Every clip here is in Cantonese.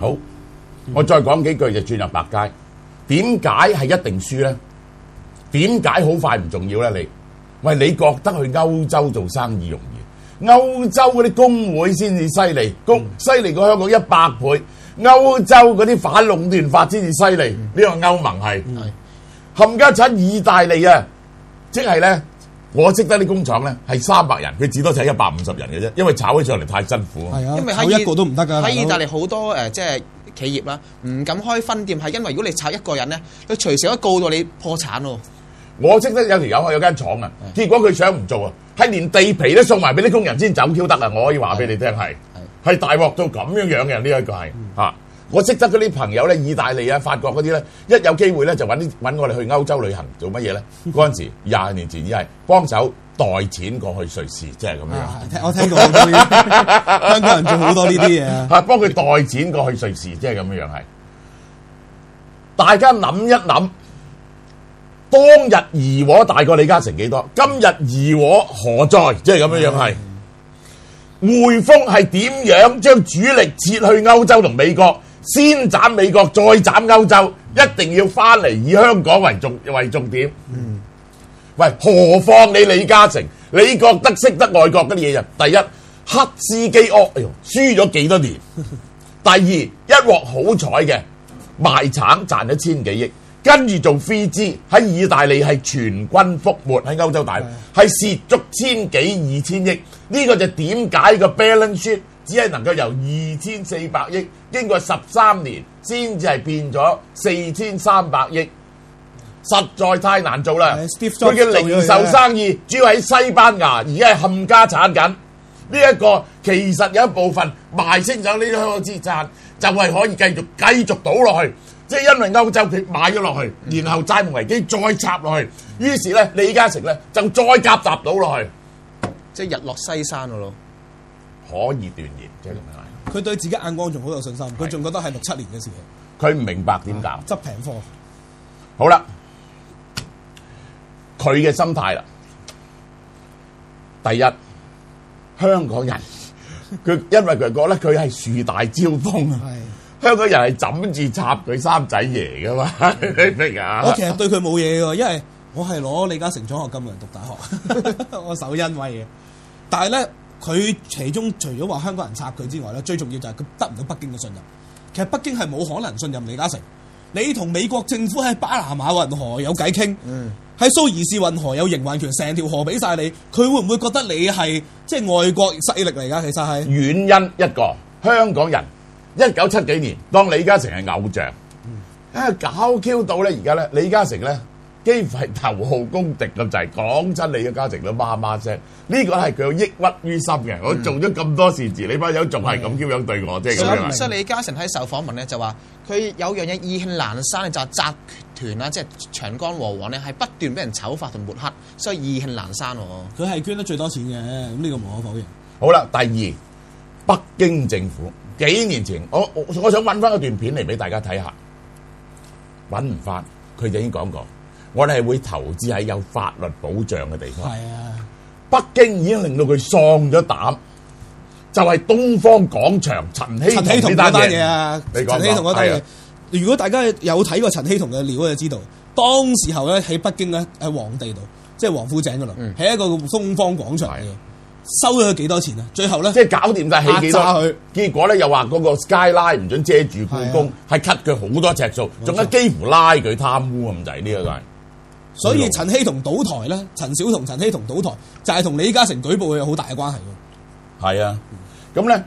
好，我再講幾句就轉入百佳。點解係一定輸咧？點解好快唔重要咧？你喂，你覺得去歐洲做生意容易？歐洲嗰啲工會先至犀利，工犀利過香港一百倍。歐洲嗰啲反壟斷法先至犀利，呢個歐盟係。冚家鏟，意大利啊，即係咧。我識得啲工廠咧，係三百人，佢至多就係一百五十人嘅啫，因為炒起上嚟太辛苦。係啊，因為炒一個都唔得噶。喺意大利好多誒，即、呃、係企業啦，唔敢開分店，係因為如果你炒一個人咧，佢隨時都告到你破產咯。我識得有條友係有間廠啊，結果佢想唔做啊，係連地皮都送埋俾啲工人先走 Q 得啊！我可以話俾你聽係係大鑊到咁樣樣嘅呢一個係嚇。嗯啊我識得嗰啲朋友咧，意大利啊、法國嗰啲咧，一有機會咧就揾啲揾我哋去歐洲旅行做乜嘢咧？嗰陣 時廿年前已係幫手代錢過去瑞士，即係咁樣、啊。我聽過 香港人仲好多呢啲嘢啊！幫佢代錢過去瑞士，即係咁樣樣係。大家諗一諗，當日怡和大過李嘉誠幾多？今日怡和何在？即係咁樣樣係。的嗯、匯豐係點樣將主力撤去歐洲同美國？先斬美國，再斬歐洲，一定要翻嚟以香港為重為重點。嗯，喂，何況你李嘉誠，你覺得識得外國嘅嘢啊？第一，黑斯基屋，哎呦，輸咗幾多年。 第二，一鑊好彩嘅賣橙賺咗千幾億，跟住做 3G 喺意大利係全軍覆沒，喺歐洲大陸係、嗯、蝕足千幾二千億，呢、呢個就點解個 balance 只係能夠由二千四百億經過十三年，先至係變咗四千三百億，實在太難做啦！佢嘅的零售生意的主要喺西班牙，而家係冚家產緊。呢、這、一個其實有一部分賣清咗呢啲香港資產，就係、是、可以繼續繼續倒落去。即係因為歐洲佢買咗落去，然後債務危機再插落去，於是呢李嘉誠呢就再夾雜倒落去，即係日落西山嘅咯。可以斷言，即係佢對自己眼光仲好有信心，佢仲是覺得係六七年嘅事情，佢唔明白點解啊，執平貨。好啦，佢嘅心態啦。第一，香港人，佢 因為佢覺得佢係樹大招風啊。係是香港人係枕住插佢三仔爺噶嘛， 明唔明啊？我其實對佢冇嘢嘅，因為我係攞李嘉誠獎學金嚟讀大學， 我受恩惠。但係咧，佢其中除咗話香港人插佢之外咧，最重要就係佢得唔到北京嘅信任。其實北京係冇可能信任李嘉誠。你同美國政府喺巴拿馬運河有偈傾，喺、嗯、蘇伊士運河有營運權，成條河俾晒你，佢會唔會覺得你係即係外國勢力嚟㗎？其實係原因一個香港人一九七幾年當李嘉誠係偶像，啊、嗯、搞 Q 到咧而家咧李嘉誠咧。幾乎係頭號公敵咁滯，講真，李嘉誠都媽媽聲。呢個係佢抑鬱於心嘅，嗯、我做咗咁多善事，你班友仲係咁咁樣對我，啫、嗯。所以李嘉誠喺受訪問咧，就話佢有樣嘢意興闌珊，就係集團啊，即係長江和黃咧，係不斷俾人醜化同抹黑，所以意興闌珊喎。佢係捐得最多錢嘅，咁呢個無可否認。好啦，第二，北京政府幾年前，我我想揾翻一段片嚟俾大家睇下，揾唔翻，佢就已經講過。我哋係會投資喺有法律保障嘅地方。係啊，北京已經令到佢喪咗膽，就係東方廣場陳希同嗰單嘢啊！陳希同嗰單嘢。如果大家有睇過陳希同嘅料，就知道當時候咧喺北京咧喺皇帝度，即係王府井嗰度，喺一個東方廣場收咗佢幾多錢啊？最後咧即係搞掂晒，氣炸佢。結果咧又話嗰個 skyline 唔准遮住故宮，係 cut 佢好多尺數，仲加幾乎拉佢貪污咁滯，呢個都係。所以陳希同倒台咧，陳小同陳、陳希同倒台就係、是、同李嘉誠舉報佢有好大嘅關係係啊，咁咧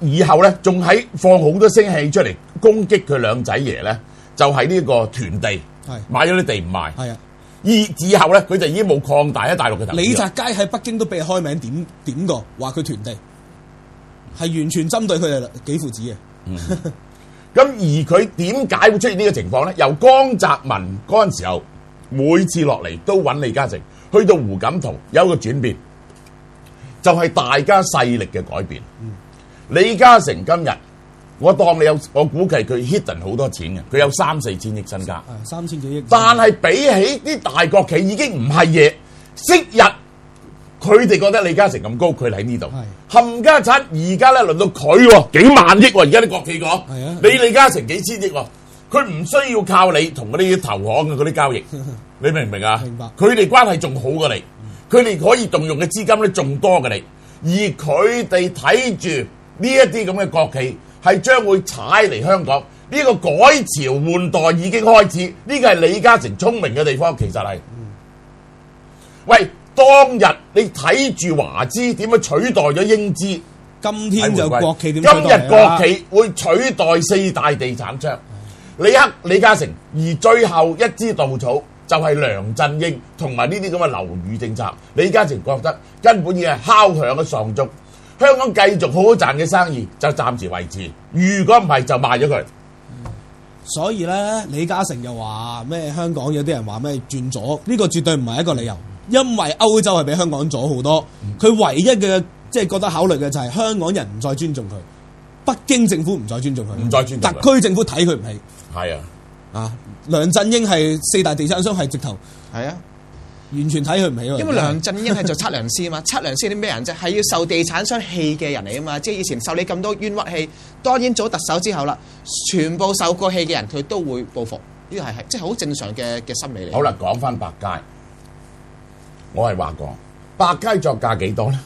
以後咧仲喺放好多聲氣出嚟攻擊佢兩仔爺咧，就係、是、呢個囤地係買咗啲地唔賣係啊。而之、啊、後咧，佢就已經冇擴大喺大陸嘅。李澤楷喺北京都俾人開名點點，點過，話佢囤地係完全針對佢哋幾父子嘅。咁、嗯、 而佢點解會出現呢個情況咧？由江澤民嗰陣時候。每次落嚟都揾李嘉誠，去到胡錦濤有個轉變，就係、是、大家勢力嘅改變。嗯、李嘉誠今日，我當你有，我估計佢 hidden 好多錢嘅，佢有三四千億身家。三千幾億身家，但係比起啲大國企已經唔係嘢。昔日佢哋覺得李嘉誠咁高，佢喺呢度。冚家產而家咧，輪到佢喎、啊，幾萬億喎、啊，而家啲國企講。你李嘉誠幾千億、啊？佢唔需要靠你同嗰啲投行嘅啲交易， 你明唔明啊？明白。佢哋白關係仲好過你，佢哋可以動用嘅資金咧仲多過你，而佢哋睇住呢一啲咁嘅國企係將會踩嚟香港，呢個改朝換代已經開始。呢個係李嘉誠聰明嘅地方，其實係。嗯、喂，當日你睇住華資點樣取代咗英資，今天就國企點取代？今日國企會取代四大地產商。李克、李嘉誠，而最後一支稻草就係、是、梁振英同埋呢啲咁嘅樓宇政策。李嘉誠覺得根本嘢係敲響嘅喪鐘。香港繼續好好賺嘅生意就暫時維持，如果唔係就賣咗佢、嗯。所以呢，李嘉誠又話咩？香港有啲人話咩轉左？呢、這個絕對唔係一個理由，因為歐洲係比香港左好多。佢、嗯、唯一嘅即係覺得考慮嘅就係香港人唔再尊重佢，北京政府唔再尊重佢，唔再尊重佢，特區政府睇佢唔起。係啊，啊梁振英，係四大地產商，係直頭係啊，完全睇佢唔起咯。因為梁振英係做測量師啊嘛，測量師啲咩人啫？係要受地產商氣嘅人嚟啊嘛。即係以前受你咁多冤屈氣，當然做特首之後啦，全部受過氣嘅人，佢都會報復。呢個係係即係好正常嘅嘅心理嚟。好啦，講翻百佳，我係話過，百佳作價幾多咧？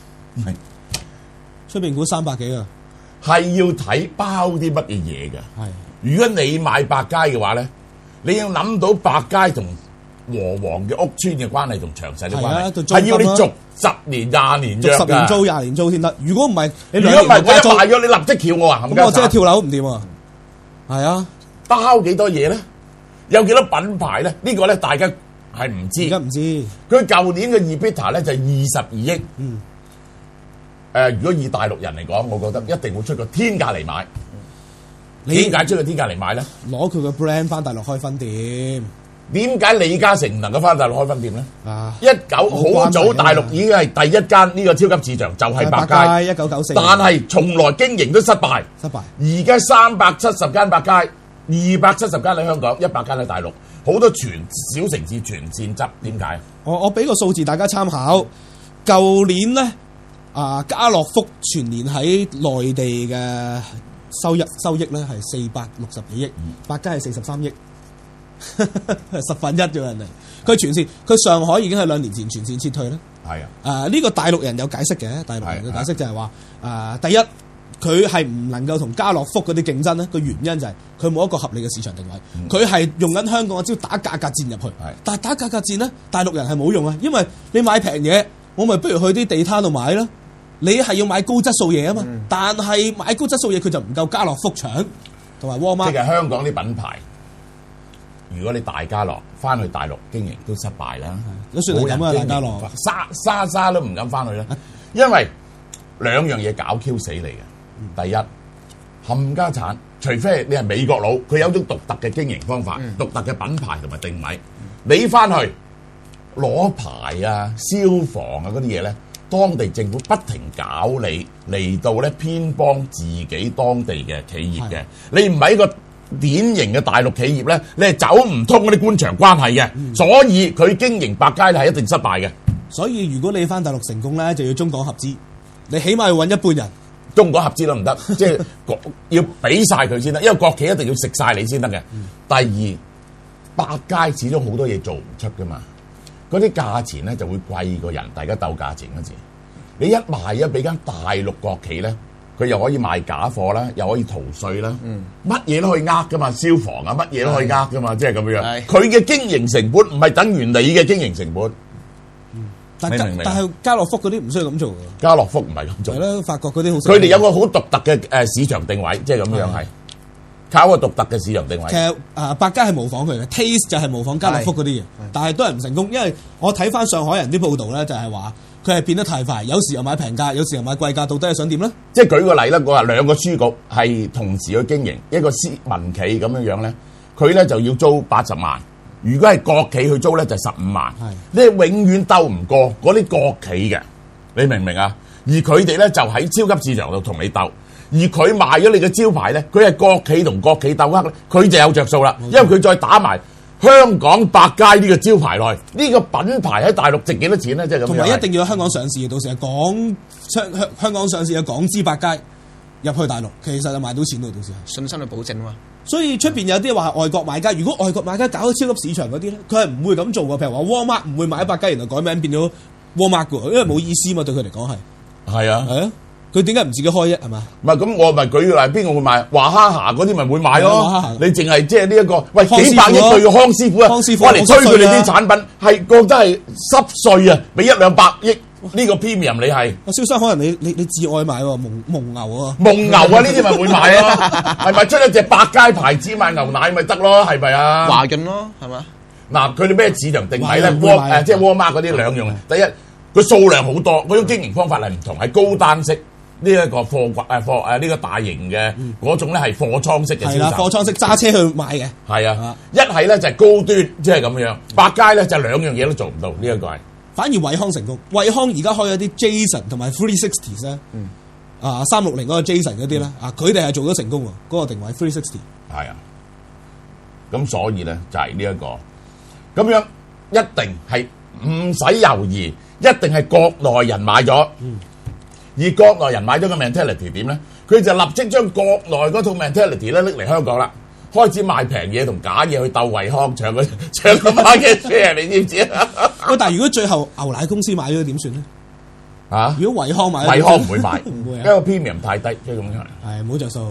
係出面估三百幾啊，係要睇包啲乜嘢嘢㗎。係。如果你買百佳嘅話咧，你要諗到百佳同和黃嘅屋村嘅關係同長實嘅關係，關係、啊、要，要你續十年廿年，十年租廿年租先得。如果唔係，如果唔係，一賣咗、啊、你立即我我撬我啊！咁我即係跳樓唔掂啊！係啊，包幾多嘢咧？有幾多品牌咧？呢、呢個咧大家係唔知，唔知佢舊年嘅 EBITDA 咧就係二十二億。嗯、呃。如果以大陸人嚟講，我覺得一定會出個天價嚟買。點解你出去天價嚟買咧？攞佢個 brand 翻大陸開分店。點解李嘉誠唔能夠翻大陸開分店咧？啊！一九好、啊、早，大陸已經係第一間呢個超級市場，就係百佳。一九九四。但係從來經營都失敗。失敗。而家三百七十間百佳，二百七十間喺香港，一百間喺大陸。好多全小城市全線執，點解？我我俾個數字大家參考。舊年咧，啊家樂福全年喺內地嘅。收入，收益咧係四百六十幾億，百佳係四十三億， 十分一啫人哋，佢全線佢上海已經係兩年前全線撤退啦，係啊，誒、這、呢個大陸人有解釋嘅，大陸人嘅解釋就係話，誒、啊、第一佢係唔能夠同家樂福嗰啲競爭呢，個原因就係佢冇一個合理嘅市場定位，佢係用緊香港嘅招打價格戰入去，但係打價格戰呢，大陸人係冇用啊，因為你買平嘢，我咪不如去啲地攤度買啦。你係要買高質素嘢啊嘛，嗯、但係買高質素嘢佢就唔夠家樂福搶，同埋沃爾瑪。即係香港啲品牌，如果你大家樂翻去大陸經營都失敗啦，都算咁冇大家樂。沙沙沙都唔敢翻去啦，啊、因為兩樣嘢搞 Q 死你嘅。嗯、第一冚家鏟，除非你係美國佬，佢有種獨特嘅經營方法、獨、嗯、特嘅品牌同埋定位，你翻去攞牌啊、消防啊嗰啲嘢咧。當地政府不停搞你，嚟到咧偏幫自己當地嘅企業嘅，的你唔係一個典型嘅大陸企業咧，你係走唔通嗰啲官場關係嘅，嗯、所以佢經營百佳係一定失敗嘅。所以如果你返大陸成功咧，就要中港合資，你起碼要揾一半人，中港合資都唔得，即係國 要俾晒佢先得，因為國企一定要食晒你先得嘅。嗯、第二百佳始終好多嘢做唔出㗎嘛。嗰啲價錢咧就會貴過人，大家鬥價錢嗰陣時。你一賣一俾間大陸國企咧，佢又可以賣假貨啦，又可以逃稅啦，乜嘢、嗯、都可以呃噶嘛，消防啊乜嘢都可以呃噶嘛，即係咁樣。佢嘅是經營成本唔係等於你嘅經營成本。嗯、但係但係家樂福嗰啲唔需要咁做㗎。家樂福唔係咁做。係咯，法國啲好。佢哋有個好獨特嘅誒市場定位，即係咁樣係。靠個獨特嘅市場定位，其實啊，百佳係模仿佢嘅，taste 就係模仿家樂福嗰啲嘢，但係都係唔成功，因為我睇翻上海人啲報道咧，就係話佢係變得太快，有時又買平價，有時又買貴價，到底係想點咧？即係舉個例啦，我話兩個書局係同時去經營一個私民企咁樣樣咧，佢咧就要租八十萬，如果係國企去租咧就十五萬，是你永遠鬥唔過嗰啲國企嘅，你明唔明啊？而佢哋咧就喺超級市場度同你鬥。而佢賣咗你嘅招牌咧，佢係國企同國企鬥克，佢就有着數啦。因為佢再打埋香港百佳呢個招牌內，呢個品牌喺大陸值幾多錢咧？即係咁。同埋一定要香港上市，到時啊，港香香港上市嘅港資百佳入去大陸，其實就賣到錢到時信心嘅保證啊嘛。所以出邊有啲話係外國買家，如果外國買家搞到超級市場嗰啲咧，佢係唔會咁做嘅。譬如話沃麥唔會買百佳，然後改名變咗沃麥嘅，因為冇意思嘛。對佢嚟講係係啊，係啊。佢點解唔自己開啫？係嘛？唔係咁，我咪舉例，邊個會買娃哈哈嗰啲，咪會買咯。娃哈哈，你淨係即係呢一個喂幾百億對康師傅啊！我嚟推佢哋啲產品係講真係濕碎啊！俾一兩百億呢個 P M 你係。我蕭生可能你你你自愛買喎，蒙蒙牛喎。蒙牛啊，呢啲咪會買咯？係咪出一隻百佳牌子賣牛奶咪得咯？係咪啊？話緊咯，係嘛？嗱，佢哋咩市場定位咧？沃誒即係 Walmart 嗰啲兩樣。第一，佢數量好多，嗰種經營方法係唔同，係高單式。呢一個貨櫃啊貨啊呢、這個大型嘅嗰、嗯、種咧係貨倉式嘅，係啦貨倉式揸車去買嘅，係啊，啊一係咧就係、是、高端，即係咁樣百佳咧就兩、是、樣嘢都做唔到，呢、這、一個係反而惠康成功，惠康而家開咗啲 Jason 同埋 Three Sixty 咧，啊三六零嗰個 Jason 嗰啲咧，啊佢哋係做咗成功啊，嗰、那個定位 Three Sixty 係啊，咁所以咧就係呢一個咁樣一定係唔使猶豫，一定係國內人買咗。嗯而國內人買咗個 mentality 點咧，佢就立即將國內嗰套 mentality 咧拎嚟香港啦，開始賣平嘢同假嘢去鬥惠康搶嗰搶嗰批嘢，你知唔知啊？喂，但係如果最後牛奶公司買咗點算咧？呢啊！如果惠康買，惠康唔會買， 唔會啊、因為 premium 太低，即係咁樣。係冇著數，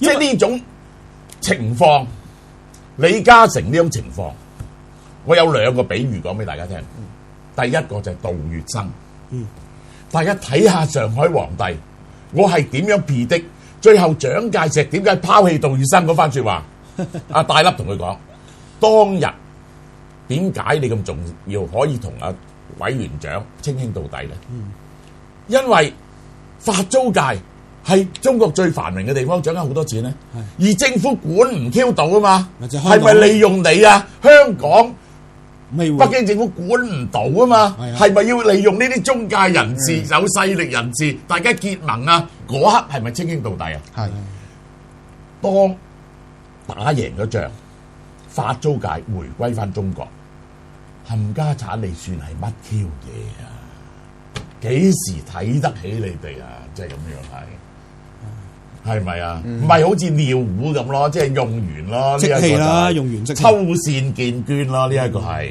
因為 即係呢種情況，李嘉誠呢種情況，我有兩個比喻講俾大家聽。第一個就係杜月笙，嗯。嗯大家睇下上海皇帝，我係點樣 P 的？最後蔣介石點解拋棄杜月笙嗰番說話？阿、 啊、大粒同佢講，當日點解你咁重要，可以同阿、啊、委員長稱兄道弟咧？嗯、因為法租界係中國最繁榮嘅地方，掌咗好多錢咧。是而政府管唔挑到啊嘛，係咪利用你啊？香港？北京政府管唔到啊嘛，係咪、啊、要利用呢啲中介人士、啊、有勢力人士，大家結盟啊？嗰刻係咪清傾到底啊？係、啊啊、當打贏咗仗，法租界回歸翻中國，冚家鏟你算係乜嘢啊？幾時睇得起你哋啊？即係咁樣係。係咪啊？唔係、嗯、好似尿壺咁咯，即係用完咯。即棄啦，就是、用完、這個、即棄。趙善軒捐咯，呢一個係。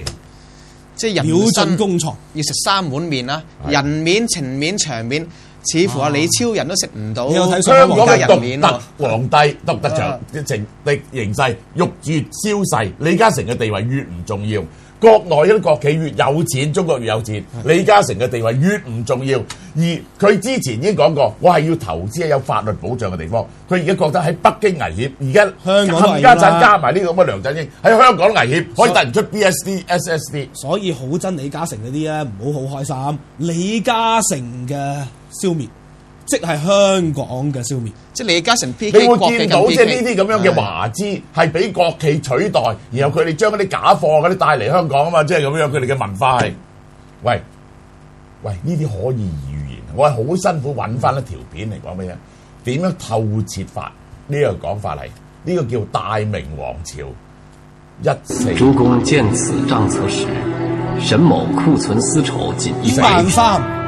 即係秒盡工牀，要食三碗麵啦、啊！是人面情面場面，似乎阿、啊啊、李超人都食唔到。有睇香港嘅人面，皇德、啊、帝得唔得場？啊、情的形勢愈越消逝，李嘉誠嘅地位越唔重要。國內一啲國企越有錢，中國越有錢。的李嘉誠嘅地位越唔重要，而佢之前已經講過，我係要投資喺有法律保障嘅地方。佢而家覺得喺北京危險，而家香港加埋呢個咁嘅梁振英喺香港危險，可以突唔出 B S D S S D？所以好憎 D 李嘉誠嗰啲咧，唔好好開心。李嘉誠嘅消滅。即係香港嘅消滅，即李嘉誠。你會見到即呢啲咁樣嘅華資係俾國企取代，然後佢哋將嗰啲假貨嗰啲帶嚟香港啊嘛，即係咁樣。佢哋嘅文化係，喂喂，呢啲可以預言。我係好辛苦揾翻一條片嚟講乜嘢？點樣透徹法？呢個講法嚟，呢個叫大明王朝一四。主公見此帳冊時，沈某庫存絲綢近一萬三。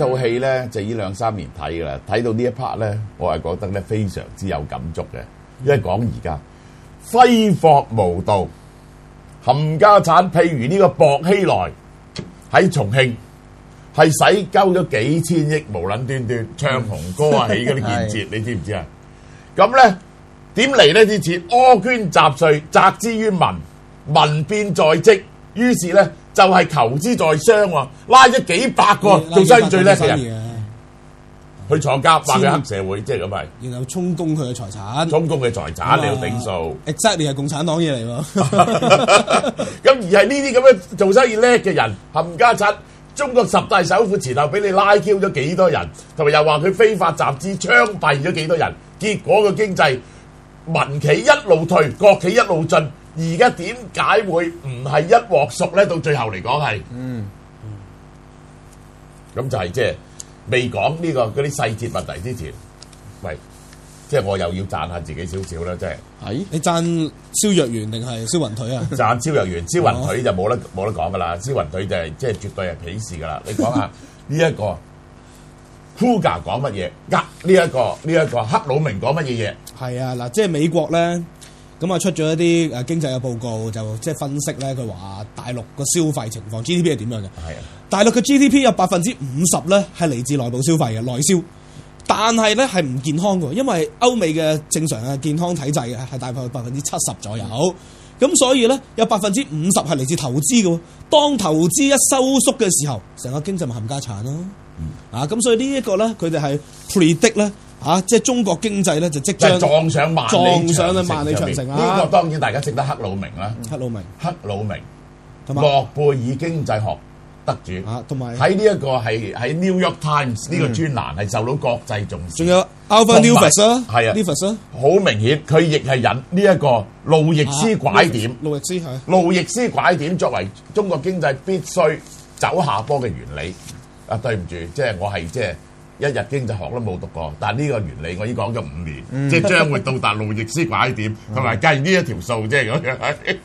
套戲咧就呢兩三年睇噶啦，睇到一呢一 part 咧，我係覺得咧非常之有感觸嘅。因一講而家揮霍無度，冚家產，譬如呢個薄熙來喺重慶係使鳩咗幾千億無卵端端唱紅歌啊，起嗰啲建設， 你知唔知啊？咁咧點嚟呢啲錢？苛捐雜稅，集之於民，民變在即。於是咧，就係投資在商喎，拉咗幾百個幾百做生意最叻嘅人是去坐監，話佢黑社會，即係咁係。然後充公佢嘅財產，充公佢財產哇你要頂數。exactly 你係共產黨嘢嚟喎。咁 而係呢啲咁嘅做生意叻嘅人，冚家鏟中國十大首富前後俾你拉嬌咗幾多人，同埋又話佢非法集資槍斃咗幾多人，結果個經濟民企一路退，國企一路進。而家點解會唔係一鑊熟咧？到最後嚟講係，嗯，咁就係即係未講呢個嗰啲細節問題之前，喂，即係我又要贊下自己少少啦，即係，係你贊蕭若元定係蕭雲腿啊？贊蕭若元，蕭雲腿就冇得冇得講噶啦，蕭雲腿就係即係絕對係鄙視噶啦。你講下呢一個 f u g a e r 講乜嘢？啊，呢一個呢一個克魯明講乜嘢嘢？係啊，嗱，即係美國咧。咁啊出咗一啲誒經濟嘅報告，就即係分析咧。佢話大陸個消費情況 GDP 係點樣嘅？係啊的，大陸嘅 GDP 有百分之五十咧係嚟自內部消費嘅內銷，但係咧係唔健康嘅，因為歐美嘅正常嘅健康體制嘅係大概百分之七十左右。咁、嗯、所以咧有百分之五十係嚟自投資嘅。當投資一收縮嘅時候，成個經濟咪冚家鏟咯。嗯、啊，咁所以呢一個咧，佢哋係 predict 咧。吓，即係中國經濟咧，就即將撞上萬里長城。呢個當然大家識得克魯明啦，克魯明，克魯明，諾貝爾經濟學得主，同埋喺呢一個係喺 New York Times 呢個專欄係受到國際重視。仲有 Lewis，係啊，Lewis 好明顯，佢亦係引呢一個路易斯拐點。路易斯係路易斯拐點作為中國經濟必須走下坡嘅原理。啊，對唔住，即係我係即係。一日經濟學都冇讀過，但係呢個原理我已經講咗五年，即係將會到達路易斯拐點，同埋計呢一條數，即係咁樣。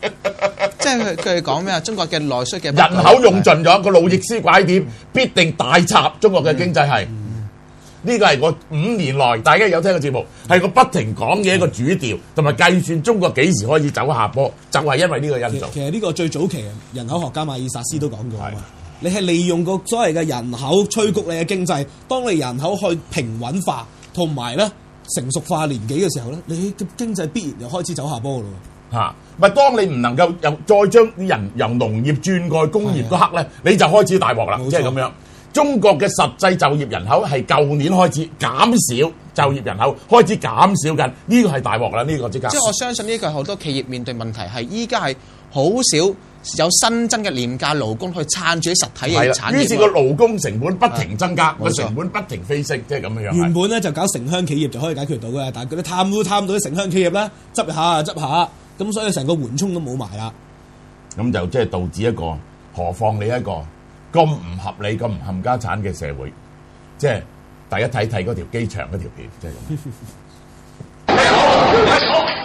即係佢佢講咩啊？中國嘅內需嘅人口用盡咗，個路易斯拐點必定大插中國嘅經濟係。呢個係我五年來大家有聽過節目，係我不停講嘅一個主調，同埋計算中國幾時開始走下坡，就係因為呢個因素。其實呢個最早期人口學家馬爾薩斯都講過。你係利用個所謂嘅人口催谷你嘅經濟，當你人口去平穩化同埋咧成熟化年紀嘅時候咧，你嘅經濟必然就開始走下坡咯。嚇、啊，唔係當你唔能夠又再將啲人由農業轉過去工業嗰刻咧，啊、你就開始大鑊啦，即係咁樣。中國嘅實際就業人口係舊年開始減少，就業人口開始減少緊，呢、這個係大鑊啦，呢、這個即即係我相信呢個係好多企業面對問題，係依家係好少。有新增嘅廉價勞工去撐住啲實體嘅產業，是於是個勞工成本不停增加，個的成本不停飛升，即係咁嘅樣。原本咧就搞城鄉企業就可以解決到嘅，但係佢哋貪污貪到啲城鄉企業咧執下執下，咁所以成個緩衝都冇埋啦。咁就即係導致一個，何況你一個咁唔合理、咁唔冚家產嘅社會，即、就、係、是、大家睇睇嗰條機場嗰條片，即係咁。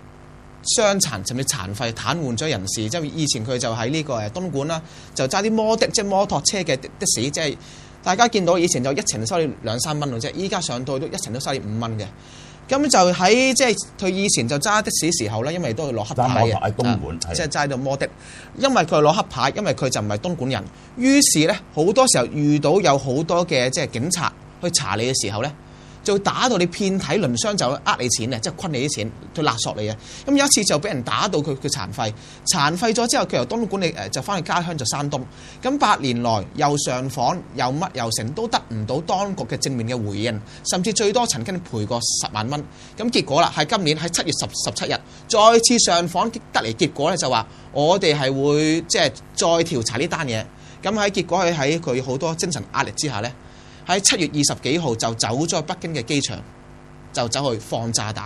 傷殘甚至殘廢、癱瘓咗人士，即係以前佢就喺呢個誒東莞啦，就揸啲摩的，即係摩托車嘅的，的士，即係大家見到以前就一程收你兩三蚊即啫，依家上到都一程都收你五蚊嘅。咁就喺即係佢以前就揸的士時候咧，因為都係攞黑牌喺東莞，即係揸到摩的，的，因為佢攞黑牌，因為佢就唔係東莞人，於是咧好多時候遇到有好多嘅即係警察去查你嘅時候咧。就打到你遍體鱗傷就呃你錢啊，即係坤你啲錢，佢勒索你啊！咁有一次就俾人打到佢佢殘廢，殘廢咗之後佢由東莞管理就翻去家鄉就山東。咁八年來又上訪又乜又成都得唔到當局嘅正面嘅回應，甚至最多曾經賠過十萬蚊。咁結果啦，喺今年喺七月十十七日再次上訪得嚟結果咧就話我哋係會即係、就是、再調查呢單嘢。咁喺結果佢喺佢好多精神壓力之下呢，喺七月二十幾號就走咗北京嘅機場，就走去放炸彈。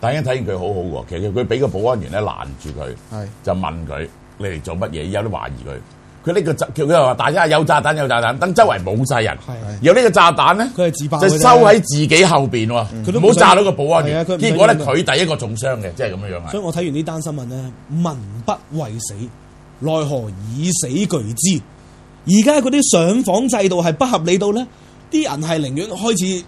大家睇見佢好好、啊、喎，其實佢俾個保安員咧攔住佢，是就問佢你嚟做乜嘢？有啲懷疑佢。佢呢、呢個炸佢又話：大家有炸彈，有炸彈，等周圍冇晒人，有呢是個炸彈咧，佢係自爆就收喺自己後邊。佢、嗯、都唔好炸到個保安員。啊、結果咧，佢第一個重傷嘅，即係咁樣樣。所以我睇完呢單新聞咧，民不畏死，奈何以死懼之。而家嗰啲上訪制度係不合理到咧，啲人係寧願開始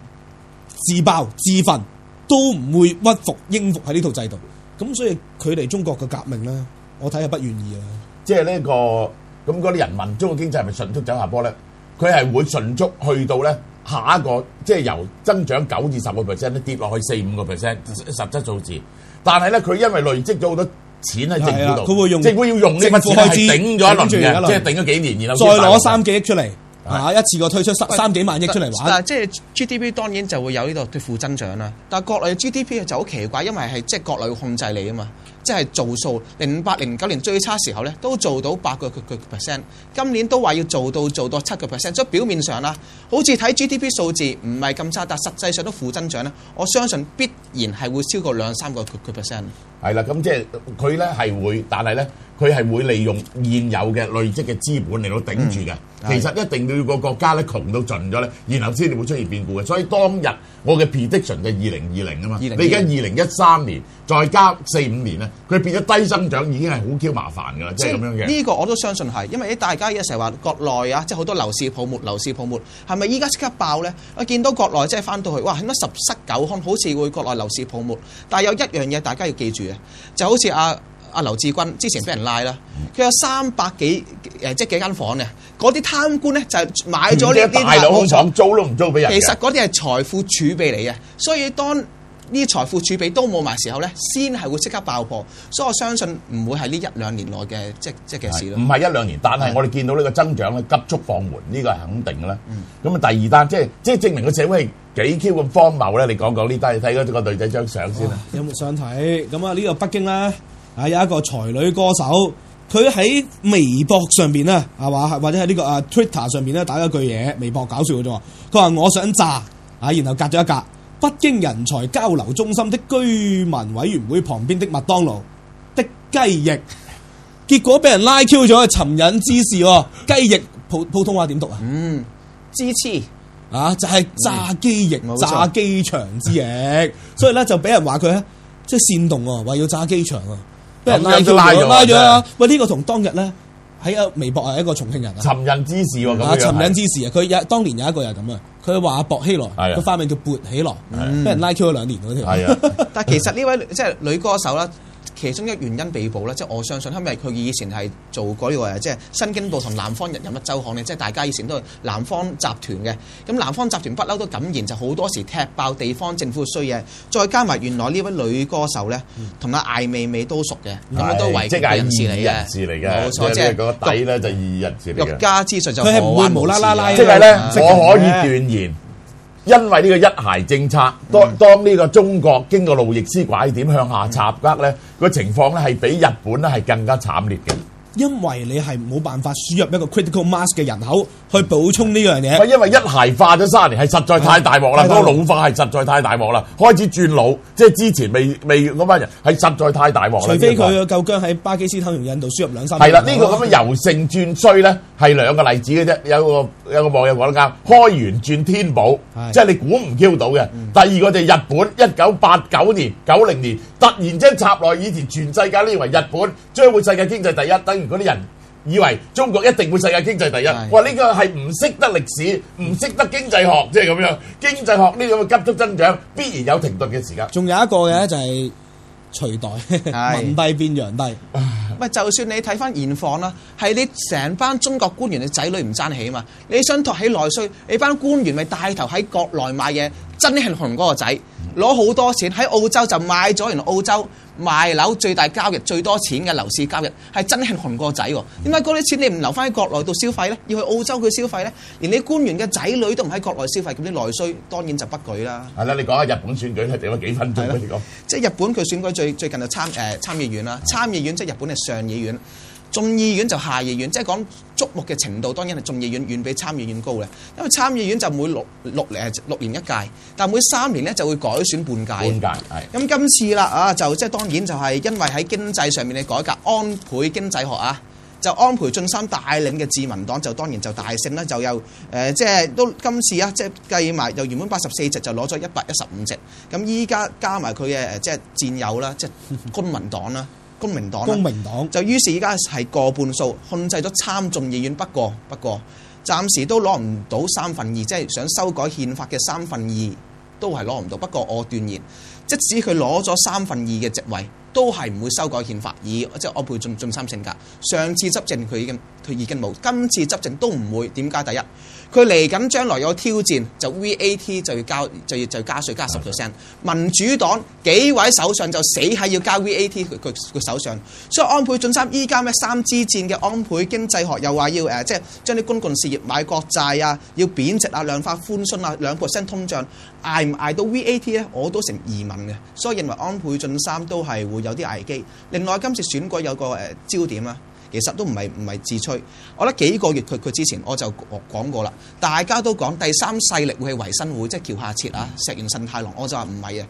自爆自焚，都唔會屈服應服喺呢套制度。咁所以距離中國嘅革命咧，我睇下不願意啊！即係呢、這個，咁嗰啲人民，中國經濟係咪迅速走下坡咧？佢係會迅速去到咧下一個，即、就、係、是、由增長九至十個 percent 咧跌落去四五個 percent 十七數字。但係咧，佢因為累積咗好多。錢喺政府度，佢會用政府要用政府開支頂咗一輪嘅，即係頂咗幾年，然後再攞三幾億出嚟，嚇的一次過推出三是三幾萬億出嚟玩。但即係 GDP 當然就會有呢個負增長啦。但係國內嘅 GDP 就好奇怪，因為係即係國內控制你啊嘛。即係做數，零八、零九年最差時候咧，都做到八個個個 percent。今年都話要做到做到七個 percent。所以表面上啦，好似睇 GDP 數字唔係咁差，但實際上都負增長咧。我相信必然係會超過兩三個個個 percent。係啦，咁即係佢咧係會，但係咧。佢係會利用現有嘅累積嘅資本嚟到頂住嘅。嗯、其實一定要個國家咧窮到盡咗咧，然後先會出現變故嘅。所以當日我嘅 prediction 就二零二零啊嘛，你而家二零一三年再加四五年咧，佢變咗低增長已經係好 Q 麻煩噶啦，即係咁樣嘅。呢個我都相信係，因為大家一成日話國內啊，即係好多樓市泡沫、樓市泡沫，係咪依家即刻爆咧？我見到國內即係翻到去，哇，起碼十室九空，好似會國內樓市泡沫。但係有一樣嘢大家要記住嘅，就好似阿，啊阿劉志軍之前俾人拉啦，佢有三百幾誒，即係幾間房嘅。嗰啲貪官咧就係買咗呢啲大樓廠，租都唔租俾人。其實嗰啲係財富儲備嚟嘅，所以當呢財富儲備都冇埋時候咧，先係會即刻爆破。所以我相信唔會係呢一兩年內嘅即即嘅事咯。唔係一兩年，但係我哋見到呢個增長咧是的 急速放緩，呢、呢個係肯定嘅啦。咁啊，第二單即係即係證明個社會係幾 Q 咁荒謬咧。你講講呢單，你睇嗰個女仔張相先啊。有冇想睇？咁啊，呢個北京咧。啊！有一個才女歌手，佢喺微博上邊啊，係或者喺呢、呢個、啊、Twitter 上面咧打咗一句嘢，微博搞笑嘅啫，佢話我想炸啊，然後隔咗一格，北京人才交流中心的居民委員會旁邊的麥當勞的雞翼，結果俾人拉 Q 咗啊！尋釁滋事喎，雞、哦、翼普普通話點讀啊？嗯，支持啊，就係、是、炸雞翼，嗯、炸機場錯之翼，所以咧就俾人話佢咧即係煽動喎，話要炸機場啊！俾人召召拉 Q 咗，拉咗了啊！喂、啊，呢個同當日咧喺啊微博啊一個重慶人啊，尋釁滋事喎，啊尋釁滋事啊！佢有當年有一個人咁是啊，佢話阿薄熙來，佢花名叫薄希羅，俾人拉 Q 咗兩年嗰條，但其實呢位即係、就是、女歌手啦。其中一原因被捕啦，即係我相信，因為佢以前係做過呢個，即係新京報同南方人有乜週刊呢？即係大家以前都係南方集團嘅。咁南方集團不嬲都敢言，就好多時踢爆地方政府衰嘢。再加埋原來呢位女歌手咧，同阿艾未未都熟嘅，咁是都為異議人士嚟嘅，冇錯，即係嗰底咧就異議人士家之上就佢係唔會無啦啦，即係咧我可以斷言，啊因為呢個一孩政策，當當呢個中國經過路易斯拐點向下插格，呢個情況呢係比日本呢係更加慘烈嘅，因為你係冇辦法輸入一個 critical mass 嘅人口。去補充呢樣嘢，係因為一孩化咗三十年，係實在太大鑊啦。個老化係實在太大鑊啦，開始轉老，即係之前未未嗰班人係實在太大鑊。除非佢有夠姜喺巴基斯坦同印度輸入兩三，係啦，呢的好、這個咁嘅由盛轉衰咧，係兩個例子嘅啫。有個有個網友講得啱，開元轉天寶，即係是的 你估唔飄到嘅。第二個就係日本，一九八九年、九零年突然之間插落以前全世界，呢以為日本將會世界經濟第一，等完嗰啲人。以為中國一定會世界經濟第一，話呢是、這個係唔識得歷史，唔識得經濟學，即係咁樣。經濟學呢咁嘅急速增長，必然有停頓嘅時間。仲有一個嘅就係取代民幣變洋幣。唔就算你睇翻現況啦，係你成班中國官員嘅仔女唔爭氣啊嘛，你想托起內需，你班官員咪帶頭喺國內買嘢，真係紅嗰個仔攞好多錢喺澳洲就買咗，人澳洲。賣樓最大交易最多錢嘅樓市交易，係真係紅過仔喎！點解嗰啲錢你唔留翻喺國內度消費咧？要去澳洲去消費咧？連你官員嘅仔女都唔喺國內消費，咁啲內需當然就不舉啦。係啦，你講下日本選舉，係點？你講幾分鐘？即係日本佢選舉最最近就參誒、呃、參議院啦，參議院即係日本嘅上議院。眾議院就下議院，即係講觸目的程度，當然是眾議院遠比參議院高。公明黨，公明黨就於是依家係過半數控制咗參眾議院，不過不過，暫時都攞唔到三分二，即係想修改憲法嘅三分二都係攞唔到。不過我斷言，即使佢攞咗三分二嘅席位，都係唔會修改憲法，以即係我判斷晉三性格。上次執政佢已經佢已經冇，今次執政都唔會。點解？第一，佢嚟緊將來有個挑戰，就 VAT 就要交，就要就要加稅加十 percent。民主黨幾位首相就死喺要交 VAT 佢佢佢首相。所以安倍晉三依家咩三支戰嘅安倍經濟學又話要誒、呃，即係將啲公共事業買國債啊，要貶值啊，量化寬鬆啊，兩 percent 通脹，捱唔捱到 VAT 咧？我都成疑問嘅，所以認為安倍晉三都係會有啲危機。另外今次選舉有個誒、呃、焦點啊。其實都唔係唔係自吹，我覺得幾個月佢佢之前我就講過啦，大家都講第三勢力會係維新會，即係橋下徹啊、嗯、石原慎太郎，我就話唔係啊。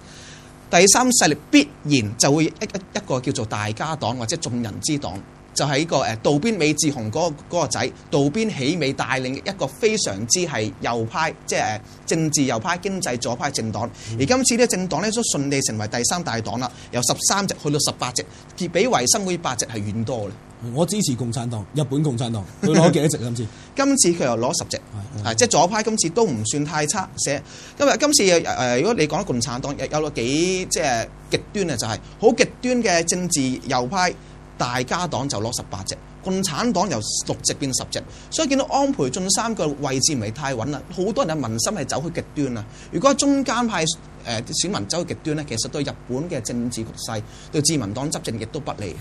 第三勢力必然就會一一一個叫做大家黨或者眾人之黨，就係、是、呢個誒渡邊美智雄嗰、那個仔渡邊喜美帶領一個非常之係右派，即係誒政治右派、經濟左派政黨。嗯、而今次呢政黨呢都順利成為第三大黨啦，由十三席去到十八席，比維新會八席係遠多嘅。我支持共產黨，日本共產黨，佢攞幾多席今次席？ 今次佢又攞十席，係即係左派今次都唔算太差，寫因為今次誒、呃，如果你講共產黨有，有個幾即係極端咧、就是，就係好極端嘅政治右派，大家黨就攞十八席，共產黨由六席變十席，所以見到安倍晉三個位置唔係太穩啦，好多人嘅民心係走去極端啦。如果中間派誒選、呃、民走去極端呢，其實對日本嘅政治局勢對自民黨執政亦都不利。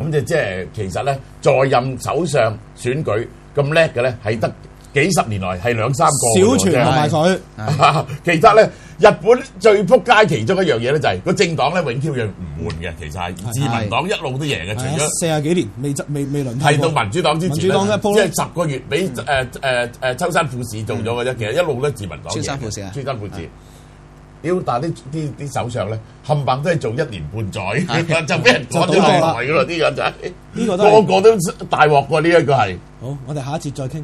咁就即係其實咧，在任首相選舉咁叻嘅咧，係得幾十年來係兩三個嘅啫。小泉同埋佢，其實咧日本最撲街其中一樣嘢咧，就係個政黨咧永挑樣唔換嘅。其實係自民黨一路都贏嘅，除咗四十幾年未未未輪。係到民主黨之前即係十個月俾誒誒誒村山富市做咗嘅啫。其實一路都係自民黨贏。村山富市屌！但係啲啲手上咧，冚唪棒都係做一年半載，的 就俾人坐啲後台噶咯，啲 人就係、個，都係個個都大鑊過呢一個係。好，我哋下一節再傾。